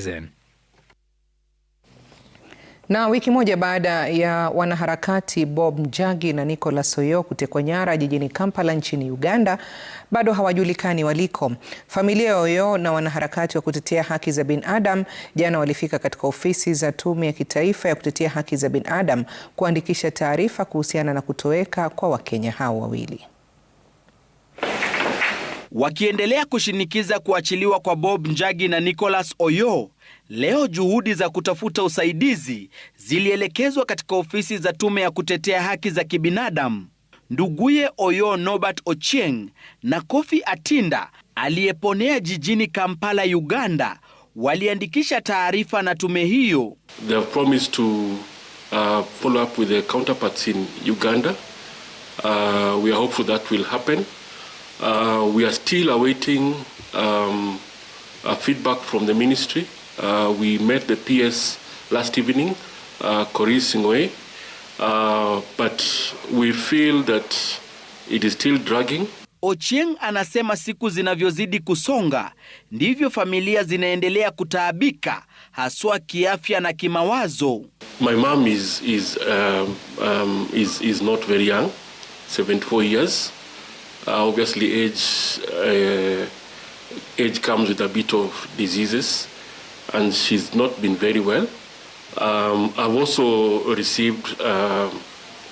Zen. Na wiki moja baada ya wanaharakati Bob Njagi na Nicholas Oyoo kutekwa nyara jijini Kampala nchini Uganda, bado hawajulikani waliko. Familia ya Oyoo na wanaharakati wa kutetea haki za binadamu jana walifika katika ofisi za Tume ya Kitaifa ya Kutetea Haki za Binadamu kuandikisha taarifa kuhusiana na kutoweka kwa Wakenya hao wawili. Wakiendelea kushinikiza kuachiliwa kwa Bob Njagi na Nicholas Oyo, leo juhudi za kutafuta usaidizi zilielekezwa katika ofisi za tume ya kutetea haki za kibinadamu. Nduguye Oyo Norbert Ochieng na Kofi Atinda aliyeponea jijini Kampala, Uganda, waliandikisha taarifa na tume hiyo. They have promised to uh, follow up with their counterparts in Uganda. Uh, we are hopeful that will happen. Uh, we are still awaiting um, a feedback from the ministry. Uh, we met the PS last evening, uh, Corrie Singwe, uh, but we feel that it is still dragging. Ochieng anasema siku zinavyozidi kusonga ndivyo familia zinaendelea kutaabika haswa kiafya na kimawazo. My mom is, is, um, um, is, is not very young, 74 years. Uh, obviously, age uh, age comes with a bit of diseases, and she's not been very well. Um, I've also received uh,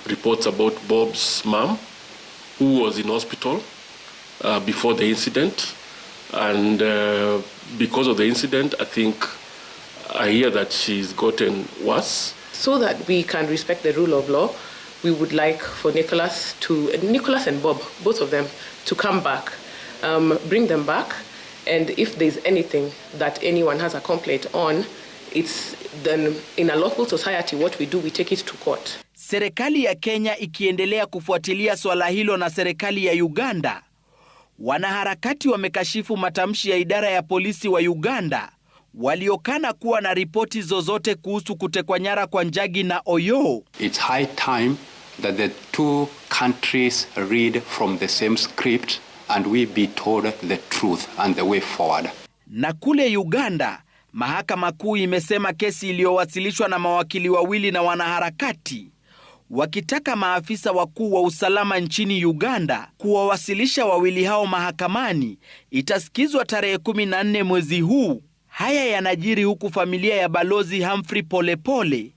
reports about Bob's mom, who was in hospital uh, before the incident. And uh, because of the incident, I think I hear that she's gotten worse. So that we can respect the rule of law, we would like for Nicholas to Nicholas and Bob, both of them, to come back, um, bring them back, and if there's anything that anyone has a complaint on, it's then in a local society what we do we take it to court. Serikali ya Kenya ikiendelea kufuatilia swala hilo na serikali ya Uganda, wanaharakati wamekashifu matamshi ya idara ya polisi wa Uganda waliokana kuwa na ripoti zozote kuhusu kutekwa nyara kwa Njagi na Oyoo. It's high time that the two countries read from the same script and we be told the truth and the way forward. Na kule Uganda, mahakama kuu imesema kesi iliyowasilishwa na mawakili wawili na wanaharakati wakitaka maafisa wakuu wa usalama nchini Uganda kuwawasilisha wawili hao mahakamani itasikizwa tarehe 14 mwezi huu. Haya yanajiri huku familia ya Balozi Humphrey Polepole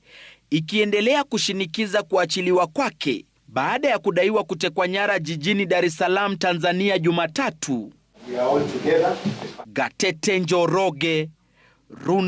ikiendelea kushinikiza kuachiliwa kwake baada ya kudaiwa kutekwa nyara jijini Dar es Salaam, Tanzania Jumatatu. Gatete Njoroge Runa.